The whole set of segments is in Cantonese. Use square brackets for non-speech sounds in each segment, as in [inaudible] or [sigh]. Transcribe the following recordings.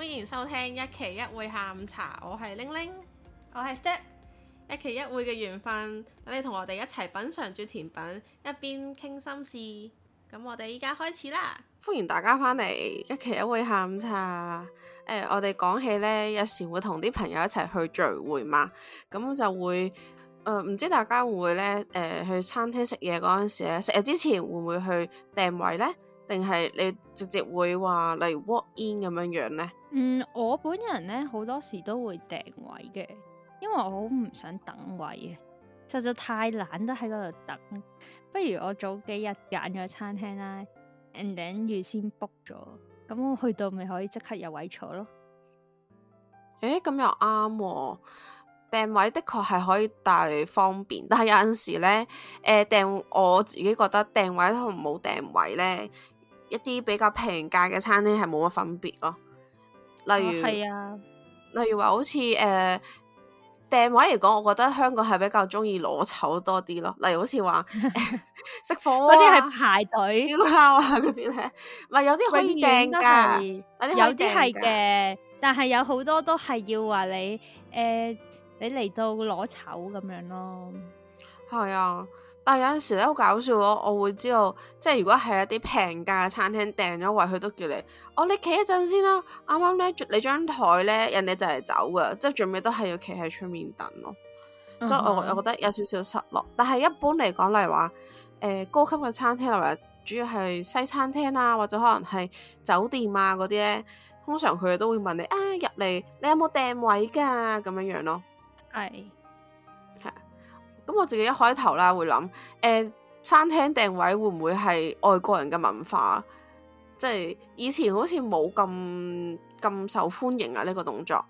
歡迎收聽一期一會下午茶，我係玲玲，我係 Step，一期一會嘅緣分，等你同我哋一齊品嘗住甜品，一邊傾心事。咁我哋依家開始啦，歡迎大家翻嚟一期一會下午茶。誒、呃，我哋講起呢，有時會同啲朋友一齊去聚會嘛，咁就會誒，唔、呃、知大家會唔會咧？誒、呃，去餐廳食嘢嗰陣時咧，食嘢之前會唔會去訂位呢？定係你直接會話，例如 walk in 咁樣樣呢？嗯，我本人呢，好多時都會訂位嘅，因為我好唔想等位嘅，實在太懶得喺嗰度等。不如我早幾日揀咗餐廳啦，and then 預先 book 咗，咁我去到咪可以即刻有位坐咯？誒，咁又啱，訂位的確係可以帶嚟方便，但係有陣時咧，誒、呃、訂我自己覺得訂位同冇訂位呢？一啲比較平價嘅餐廳係冇乜分別咯，例如係、哦、啊，例如好、呃、話好似誒訂位嚟講，我覺得香港係比較中意攞籌多啲咯。例如好似話食火鍋嗰啲係排隊燒烤啊嗰啲咧，唔係有啲可以訂噶，有啲係嘅，但係有好多都係要話你誒、呃，你嚟到攞籌咁樣咯，係啊。但係有陣時咧好搞笑咯，我會知道，即係如果係一啲平價嘅餐廳訂咗位，佢都叫你，哦、oh，你企一陣先啦、啊，啱啱咧你張台咧人哋就嚟走噶，即係最尾都係要企喺出面等咯，mm hmm. 所以我覺我覺得有少少失落。但係一般嚟講例如話，誒、呃、高級嘅餐廳例如主要係西餐廳啊，或者可能係酒店啊嗰啲咧，通常佢哋都會問你啊入嚟你有冇訂位噶咁樣樣咯，係。咁我自己一開頭啦，會諗，誒、欸、餐廳訂位會唔會係外國人嘅文化？即係以前好似冇咁咁受歡迎啊呢、這個動作。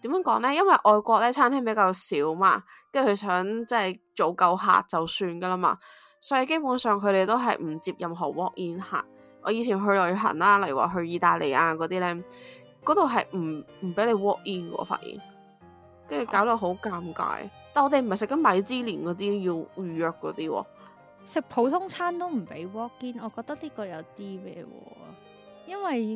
點樣講呢？因為外國咧餐廳比較少嘛，跟住佢想即係做夠客就算噶啦嘛，所以基本上佢哋都係唔接任何 walk in 客。我以前去旅行啦、啊，例如話去意大利啊嗰啲呢，嗰度係唔唔俾你 walk in 嘅，我發現。跟住搞到好尷尬，啊、但我哋唔係食緊米芝蓮嗰啲，要預約嗰啲喎。食普通餐都唔俾 walk-in，我覺得呢個有啲咩喎？因為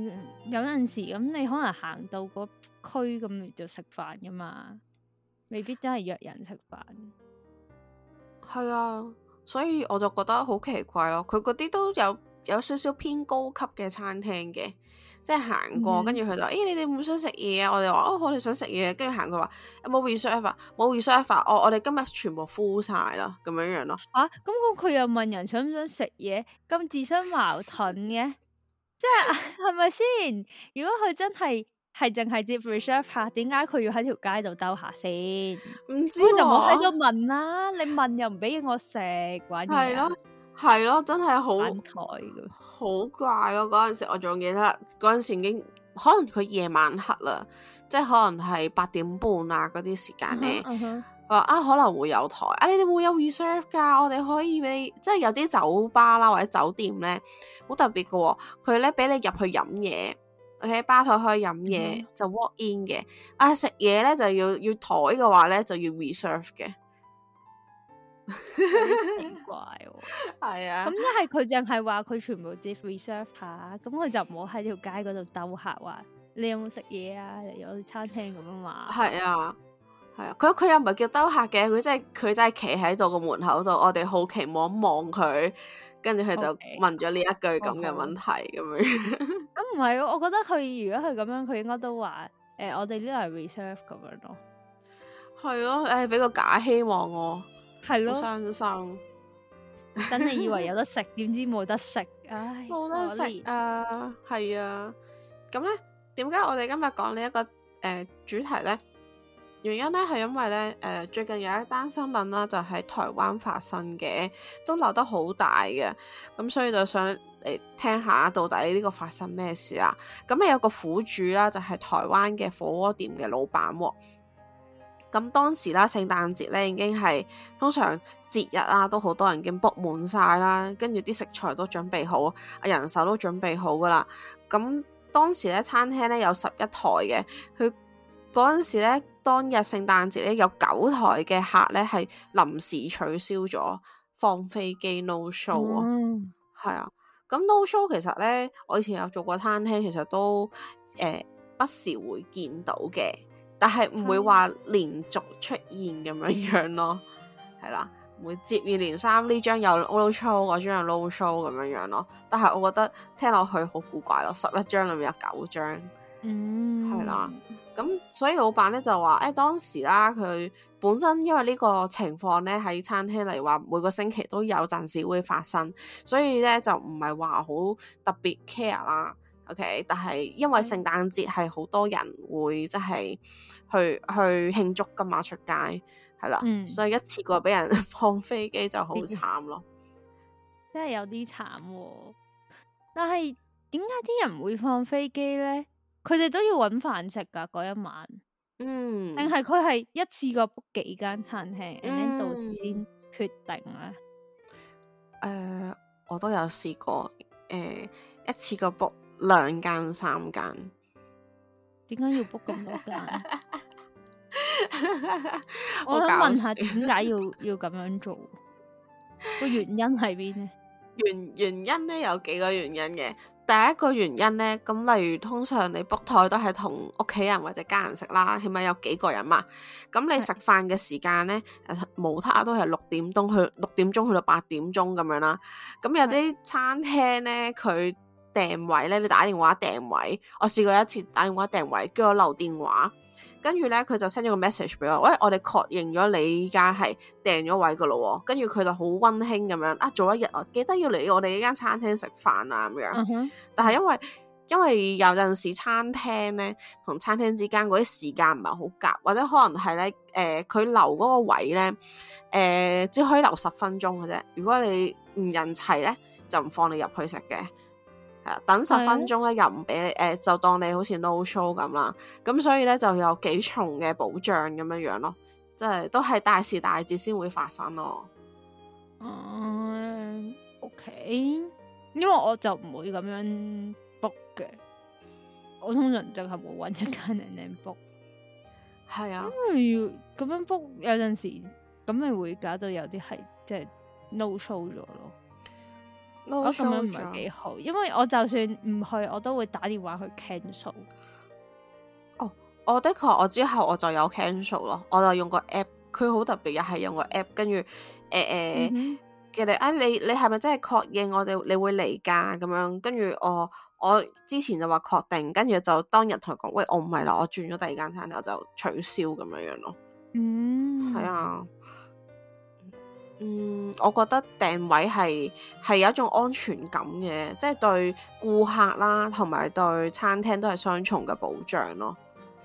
有陣時咁，你可能行到嗰區你就食飯噶嘛，未必真係約人食飯。係啊，所以我就覺得好奇怪咯、哦。佢嗰啲都有有少少偏高級嘅餐廳嘅。即係行過，跟住佢就，咦、欸，你哋冇想食嘢啊？我哋話，哦，我哋想食嘢，跟住行佢話冇 reserve 冇 reserve 哦，我哋今日全部 full 晒啦，咁樣樣咯。啊，咁咁佢又問人想唔想食嘢，咁自相矛盾嘅， [laughs] 即係係咪先？如果佢真係係淨係接 reserve 下，點解佢要喺條街度兜下先？唔知就冇喺度問啦，你問又唔俾我食，玩嘢。係咯，真係好，好怪咯！嗰陣時我仲記得，嗰陣時已經可能佢夜晚黑啦，即係可能係八點半、嗯、哼啊嗰啲時間咧，佢話啊可能會有台，啊你哋會有 reserve 噶，我哋可以俾，即係有啲酒吧啦或者酒店咧，好特別噶、哦，佢咧俾你入去飲嘢，喺吧台可以飲嘢、嗯、哼就 walk in 嘅，啊食嘢咧就要要台嘅話咧就要 reserve 嘅。 [laughs] 奇怪喎，係對呀啊，咁一係佢淨係話佢全部只 reserve 下，咁佢就唔好喺條街嗰度兜客，話你有冇食嘢啊？有餐廳咁樣話，係啊，係啊，佢佢又唔係叫兜客嘅，佢真係佢真係企喺度個門口度，我哋好奇望一望佢，跟住佢就問咗呢一句咁嘅問題咁樣。咁唔係，我覺得佢如果佢咁樣，佢應該都話誒、呃，我哋呢度係 reserve 咁樣咯。係咯，誒、哎，俾個假希望我、哦。係咯，好傷心。等你以為有得食，點 [laughs] 知冇得食，唉，冇得食啊，係然啊。咁咧，點解我哋今日講呢一個誒、呃、主題咧？原因咧係因為咧，誒、呃、最近有一單新聞啦，就喺台灣發生嘅，都鬧得好大嘅。咁所以就想嚟聽下到底呢個發生咩事啦。咁啊有個苦主啦，就係、是、台灣嘅火鍋店嘅老闆、哦。咁當時啦，聖誕節咧已經係通常節日啦，都好多人已經 book 滿晒啦，跟住啲食材都準備好，人手都準備好噶啦。咁當時咧餐廳咧有十一台嘅，佢嗰陣時咧當日聖誕節咧有九台嘅客咧係臨時取消咗放飛機 no show、哦嗯、啊，係啊。咁 no show 其實咧我以前有做過餐廳，其實都誒、呃、不時會見到嘅。但係唔會話連續出現咁樣樣咯，嗯，係啦，唔會接二連三，呢張有 low show，嗰張又 low show 咁樣樣咯。但係我覺得聽落去好古怪咯，十一張裡面有九張，嗯，係啦，咁所以老闆咧就話，誒，當時啦，佢本身因為呢個情況咧喺餐廳嚟話每個星期都有陣時會發生，所以咧就唔係話好特別 care 啦。Okay, 但係因為聖誕節係好多人會即係去去慶祝噶嘛，出街係啦，嗯、所以一次過俾人放飛機就好慘咯，真係有啲慘。但係點解啲人會放飛機咧？佢哋都要搵飯食噶嗰一晚，嗯，定係佢係一次過 book 幾間餐廳，然後到時先決定咧。誒，我都有試過，誒、呃，一次過 book。兩間三間，點解要 book 咁多間？我想問下，點解要要咁樣做？個原因喺邊咧？原原因咧，有幾個原因嘅。第一個原因咧，咁例如通常你 book 台都係同屋企人或者家人食啦，起碼有幾個人嘛。咁你食飯嘅時間咧，無他都係六點鐘去，六點鐘去到八點鐘咁樣啦。咁有啲餐廳咧，佢。訂位咧，你打電話訂位，我試過一次打電話訂位，叫我留電話，跟住咧佢就 send 咗個 message 俾我，喂，我哋確認咗你依家係訂咗位噶咯，跟住佢就好溫馨咁樣，啊，早一日我記得要嚟我哋呢間餐廳食飯啊咁樣，嗯、哼但係因為因為有陣時餐廳咧同餐廳之間嗰啲時間唔係好夾，或者可能係咧，誒、呃，佢留嗰個位咧，誒、呃，只可以留十分鐘嘅啫，如果你唔人齊咧，就唔放你入去食嘅。等十分鐘咧、啊、又唔俾你，誒、呃、就當你好似 no show 咁啦，咁所以咧就有幾重嘅保障咁樣樣咯，即係都係大事大節先會發生咯。嗯 OK，因為我就唔會咁樣 book 嘅，我通常就係冇搵一間靚靚 book，係啊，因為要咁樣 book 有陣時咁咪會搞到有啲係即係 no show 咗咯。No 我咁樣唔係幾好，了因為我就算唔去，我都會打電話去 cancel。哦，oh, 我的確，我之後我就有 cancel 咯，我就用個 app，佢好特別，又係用個 app，跟住誒誒，佢哋誒，你你係咪真係確認我哋你會嚟噶？咁樣，跟住我我之前就話確定，跟住就當日同佢講，喂，我唔係啦，我轉咗第二間餐廳，我就取消咁樣樣咯。嗯、mm，係、hmm. 啊。嗯，我覺得訂位係係有一種安全感嘅，即係對顧客啦，同埋對餐廳都係雙重嘅保障咯。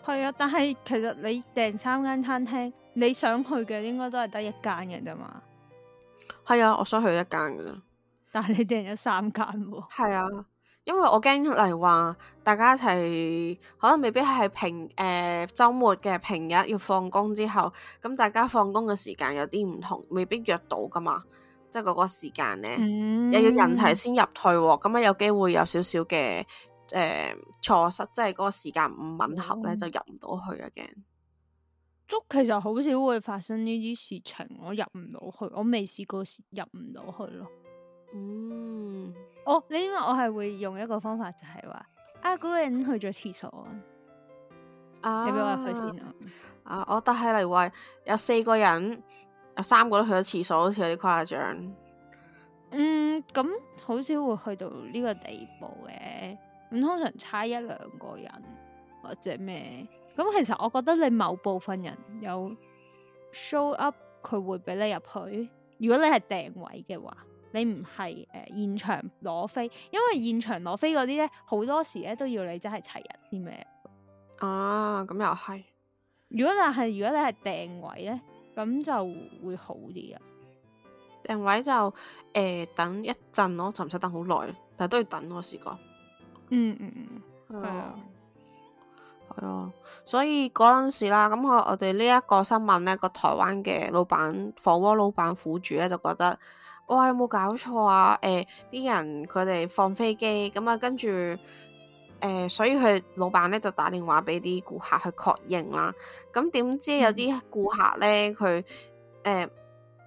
係啊、嗯，但係其實你訂三間餐廳，你想去嘅應該都係得一間嘅啫嘛。係啊， [laughs] 我想去一間㗎。但係你訂咗三間喎、哦。係 [laughs] 啊。 [laughs] 因為我驚嚟話大家一齊，可能未必係平誒、呃、周末嘅平日要放工之後，咁大家放工嘅時間有啲唔同，未必約到噶嘛，即係嗰個時間咧，嗯、又要人齊先入去，咁樣有機會有少少嘅誒錯失，即係嗰個時間唔吻合咧，呢嗯、就入唔到去啊！驚，都其實好少會發生呢啲事情，我入唔到去，我未試過入唔到去咯，嗯。Oh, 你知我你因為我係會用一個方法就係話啊嗰個人去咗廁所，啊，你俾我入去先啊，我得係嚟話有四個人，有三個都去咗廁所，好似有啲誇張。嗯，咁好少會去到呢個地步嘅。咁通常差一兩個人或者咩？咁其實我覺得你某部分人有 show up，佢會俾你入去。如果你係訂位嘅話。你唔係誒現場攞飛，因為現場攞飛嗰啲咧，好多時咧都要你真係齊人啲咩啊？咁又係。如果但係如果你係訂位咧，咁就會好啲啊。訂位就誒、呃、等一陣咯，就唔使等好耐，但係都要等我試過。嗯嗯嗯，係啊，係啊，所以嗰陣時啦，咁我我哋呢一個新聞咧，個台灣嘅老闆火鍋老闆苦主咧，就覺得，我有冇搞錯啊？誒、呃，啲人佢哋放飛機咁啊，跟住誒、呃，所以佢老闆咧就打電話俾啲顧客去確認啦。咁、嗯、點知有啲顧客咧，佢誒、呃、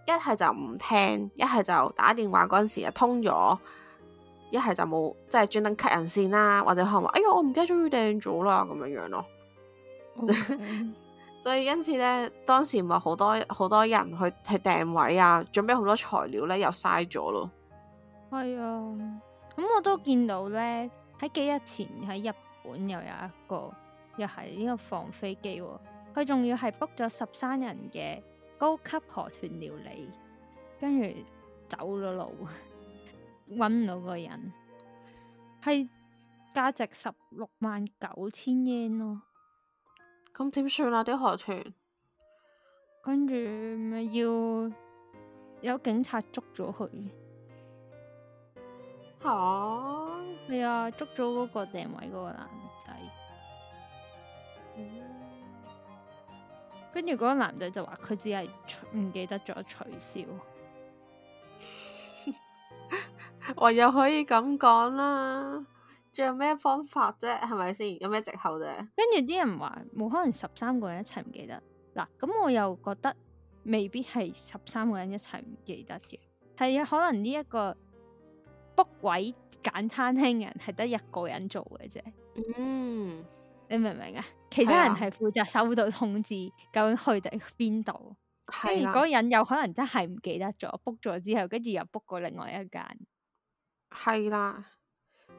一係就唔聽，一係就打電話嗰陣時就通咗，一係就冇，即係專登 cut 人線啦，或者可能話哎呀，我唔記得終於訂咗啦，咁樣樣咯。Okay. [laughs] 所以因此咧，當時咪好多好多人去去訂位啊，準備好多材料咧，又嘥咗咯。係啊，咁、嗯、我都見到咧，喺幾日前喺日本又有一個，又係呢個放飛機、哦，佢仲要係 book 咗十三人嘅高級河豚料理，跟住走咗路，搵唔到個人，係價值十六萬九千 yen 咯。咁點算啊啲河豚？跟住咪要有警察捉咗佢。吓？係啊，捉咗嗰個定位嗰、嗯、個男仔。跟住嗰個男仔就話佢只係唔記得咗取消， [laughs] [laughs] 我又可以咁講啦。仲有咩方法啫？係咪先有咩藉口啫？跟住啲人話，冇可能十三個人一齊唔記得嗱，咁我又覺得未必係十三個人一齊唔記得嘅。係啊，可能呢、這、一個 book 位，揀餐廳人係得一個人做嘅啫。嗯，你明唔明啊？其他人係負責收到通知，的究竟去到邊度？跟住嗰人有可能真係唔記得咗 book 咗之後，跟住又 book 過另外一間。係啦。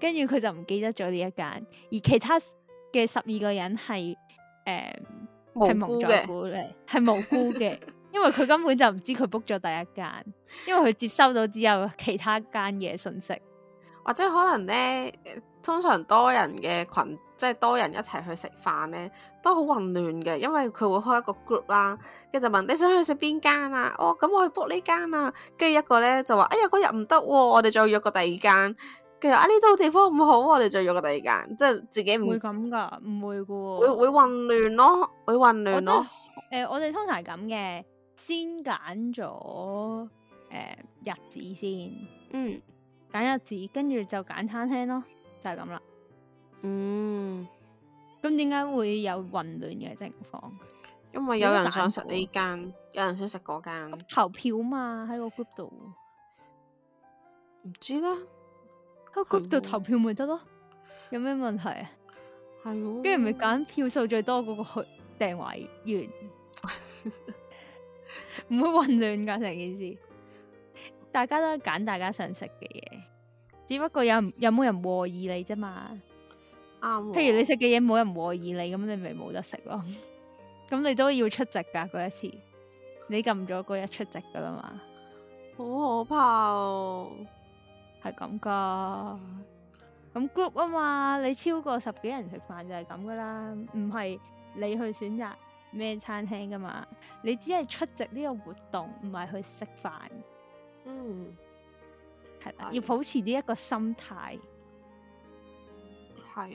跟住佢就唔記得咗呢一間，而其他嘅十二個人係誒係無辜嘅，係無辜嘅， [laughs] 因為佢根本就唔知佢 book 咗第一間，因為佢接收到之後其他間嘅信息，或者可能咧，通常多人嘅群，即係多人一齊去食飯咧，都好混亂嘅，因為佢會開一個 group 啦，跟住就問你想去食邊間啊？哦，咁我去 book 呢間啊。跟住一個咧就話：哎呀，嗰日唔得喎，我哋再約個第二間。其實啊，呢度地方唔好，我哋就約個第二間，即係自己唔會咁噶，唔會嘅，會會混亂咯，會混亂咯。誒、呃，我哋通常係咁嘅，先揀咗誒日子先，嗯，揀日子，跟住就揀餐廳咯，就係咁啦。嗯，咁點解會有混亂嘅情況？因為有人想食呢間，有人想食嗰間，投票嘛，喺個 group 度，唔知啦。喺 group 度投票咪得咯，有咩問題啊？係咯，跟住咪揀票數最多嗰個去訂位完，唔 [laughs] 會混亂噶成件事。大家都揀大家想食嘅嘢，只不過有有冇人和議你啫嘛？啱吧。譬如你食嘅嘢冇人和議你，咁你咪冇得食咯。咁 [laughs] 你都要出席噶嗰一次，你撳咗嗰日出席噶啦嘛？好可怕哦。係咁噶，咁 group 啊嘛，你超過十幾人食飯就係咁噶啦，唔係你去選擇咩餐廳噶嘛，你只係出席呢個活動，唔係去食飯。嗯，係啦，是要保持呢一個心態。係，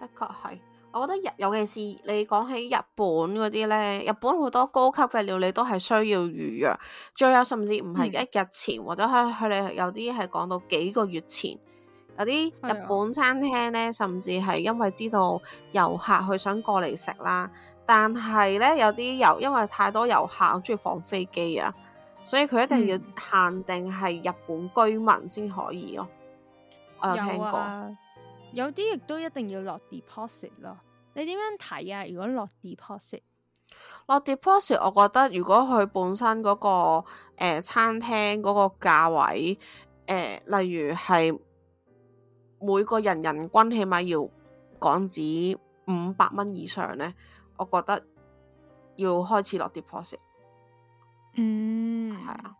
的確係。我覺得日，尤其是你講起日本嗰啲咧，日本好多高級嘅料理都係需要預約，最有甚至唔係一日前，嗯、或者係佢哋有啲係講到幾個月前。有啲日本餐廳咧，的甚至係因為知道遊客佢想過嚟食啦，但係咧有啲遊，因為太多遊客好鍾意放飛機啊，所以佢一定要限定係日本居民先可以咯，嗯、我有聽過。有啲亦都一定要落 deposit 咯，你點樣睇啊？如果落 deposit，落 deposit，我覺得如果佢本身嗰、那個誒、呃、餐廳嗰個價位，誒、呃，例如係每個人人均起碼要港紙五百蚊以上咧，我覺得要開始落 deposit。嗯，係啊，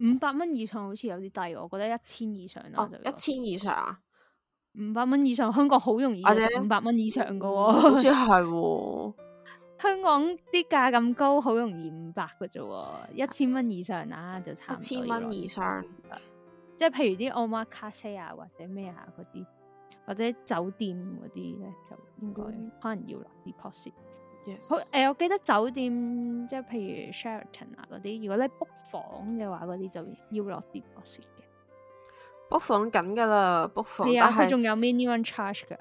五百蚊以上好似有啲低，我覺得一千以上啦。一千以上啊。哦五百蚊以上，香港好容易五百蚊以上噶，好似係、哦、 [laughs] 香港啲價咁高，好容易五百噶啫喎，一千蚊以上啊就差唔多，一千蚊以上， [laughs] 即係譬如啲奧馬卡西啊，或者咩啊嗰啲，或者酒店嗰啲咧，就應該、mm hmm. 可能要落啲 deposit Yes . deposit 好，誒、欸，我記得酒店，即係譬如 Sheraton 啊嗰啲，如果你 book 房嘅話，嗰啲就要落啲 deposit book 房緊噶啦，book 房，但係佢仲有 minimum charge 噶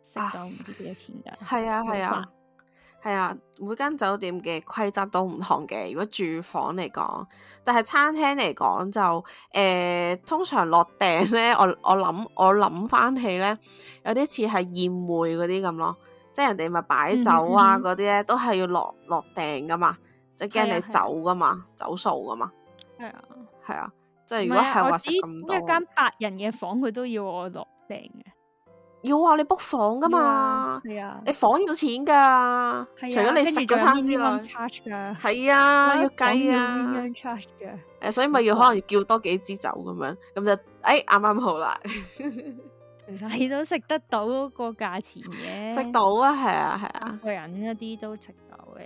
食到唔知幾多錢噶係啊係啊係啊，啊，啊，每間酒店嘅規則都唔同嘅。如果住房嚟講，但係餐廳嚟講就誒、呃，通常落訂咧，我我諗我諗翻起咧，有啲似係宴會嗰啲咁咯，即係人哋咪擺酒啊嗰啲咧，都係要落落訂噶嘛，即係驚你走噶嘛，走數噶嘛。係啊係啊。即係如果係話食咁多，一間八人嘅房佢都要我落訂嘅，要話你 book 房噶嘛？係啊，你房要錢噶，yeah, 除咗你食咗餐之外，係啊，要碌雞啊 charge 嘅誒，所以咪要可能要叫多幾支酒咁樣，咁就誒啱啱好啦，其實你 [laughs] 都食得到個價錢嘅，食到啊，係啊係啊，啊個人嗰啲都食到嘅，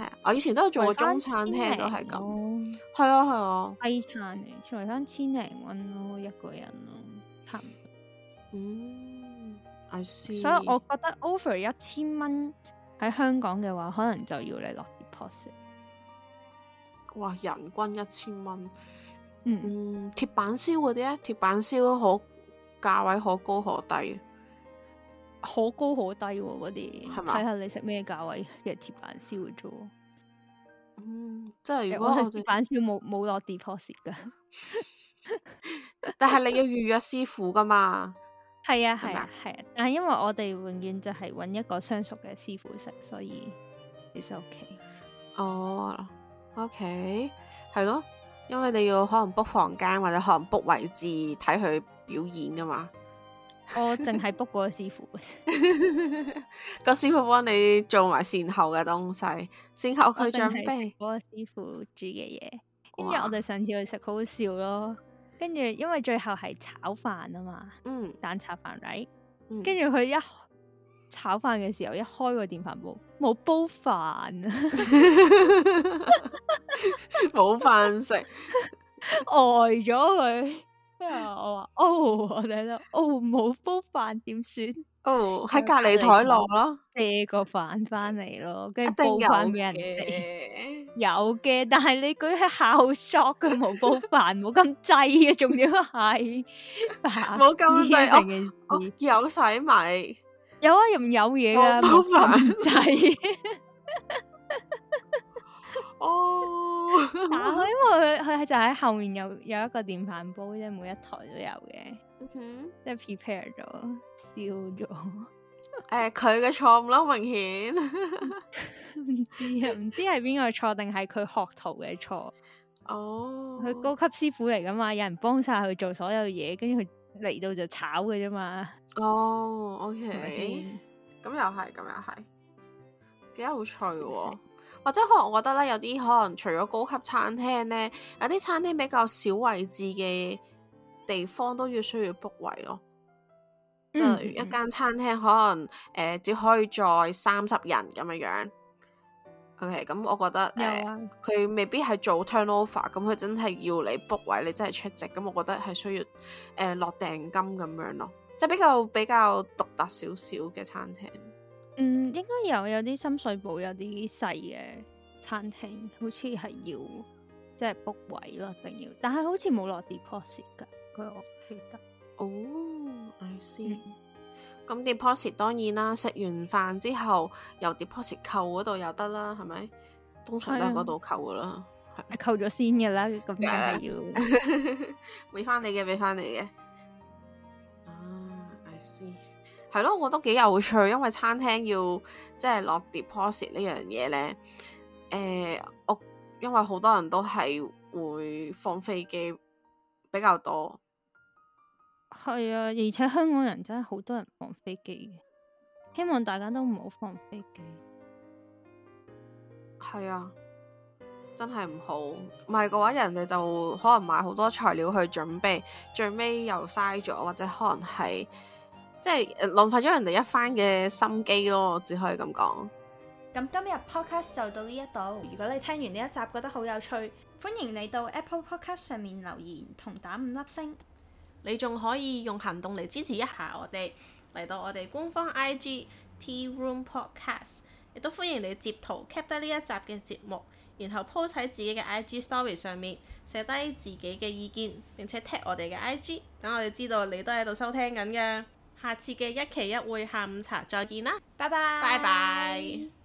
係啊，我以前都有做過中餐廳，都係咁。係啊係啊，A 餐嚟，似嚟翻千零蚊咯，一個人咯，差、哦哦、嗯，I see。所以我覺得 over 一千蚊喺香港嘅話，可能就要你落 deposit。哇，人均一千蚊。嗯。嗯，鐵板燒嗰啲啊，鐵板燒好，價位可高可低，可高可低嗰啲，睇下你食咩價位嘅鐵板燒嘅啫。嗯，即係如果反跳冇冇落 deposit 噶， [laughs] 但係你要預約師傅噶嘛？係 [laughs] 啊，係啊，係吧啊，啊，但係因為我哋永遠就係揾一個相熟嘅師傅食，所以其實 OK。哦、oh，OK，係咯，因為你要可能 book 房間或者可能 book 位置睇佢表演噶嘛。我淨係 book 個師傅，個師傅幫你做埋善後嘅東西，善後佢準備。嗰個師傅煮嘅嘢，跟住哇我哋上次去食好好笑咯。跟住因為最後係炒飯啊嘛，嗯，蛋炒飯，right？跟住佢一炒飯嘅時候，一開個電飯煲冇煲飯，冇飯食， [laughs] 呆咗佢。之後、嗯、我話哦，我睇到哦，冇煲飯點算？哦，喺、哦、隔離台落咯，借個飯翻嚟咯，跟住、啊、煲飯俾人哋。有嘅，但係你舉係校桌佢冇煲飯，冇咁滯嘅，仲要係冇咁滯屋，事有使米，有啊，又唔有嘢噶冇煲飯仔。 [laughs] 打開，因為佢佢就喺後面有有一個電飯煲，即係每一台都有嘅，Okay. 即係 prepare 咗燒咗。誒，佢嘅錯誤咯，明顯唔 [laughs] [laughs] 知啊，唔知係邊個錯定係佢學徒嘅錯。哦，佢高級師傅嚟噶嘛，有人幫晒佢做所有嘢，跟住佢嚟到就炒嘅啫嘛。哦，OK，咁又係，咁又係，幾好脆、哦。 [laughs] 或者可能我覺得咧，有啲可能除咗高級餐廳咧，有啲餐廳比較少位置嘅地方都要需要 book 位咯。即係、嗯嗯、一間餐廳可能誒、呃、只可以載三十人咁樣樣。OK，咁、嗯、我覺得誒佢、呃啊、未必係做 turnover，咁、嗯、佢真係要你 book 位，你真係出席咁、嗯，我覺得係需要誒落、呃、訂金咁樣咯，即係比較比較獨特少少嘅餐廳。嗯，應該有有啲深水埗有啲細嘅餐廳，好似係要即係 book 位咯，定要？但係好似冇落 deposit 噶，佢我記得。哦，I see、嗯。咁 deposit 當然啦，食完飯之後由 deposit 扣嗰度又得啦，係咪？通常都係嗰度扣噶啦，你、啊、是扣咗先嘅啦，咁梗係要俾翻你嘅，俾翻你嘅。啊、uh,，I see。係咯，我得幾有趣，因為餐廳要即係落碟、p o s i t 呢樣嘢呢。誒、呃，我因為好多人都係會放飛機比較多。係啊，而且香港人真係好多人放飛機嘅，希望大家都唔好放飛機。係啊，真係唔好，唔係嘅話，人哋就可能買好多材料去準備，最尾又嘥咗，或者可能係。即係浪費咗人哋一番嘅心機咯，只可以咁講。咁今日 podcast 就到呢一度。如果你聽完呢一集覺得好有趣，歡迎你到 Apple Podcast 上面留言同打五粒星。你仲可以用行動嚟支持一下我哋，嚟到我哋官方 IG Tea Room Podcast，亦都歡迎你截圖 Keep 得呢一集嘅節目，然後 post 喺自己嘅 IG Story 上面寫低自己嘅意見，並且 tag 我哋嘅 IG，等我哋知道你都喺度收聽緊嘅。下次嘅一期一會下午茶再見啦，拜拜，拜拜。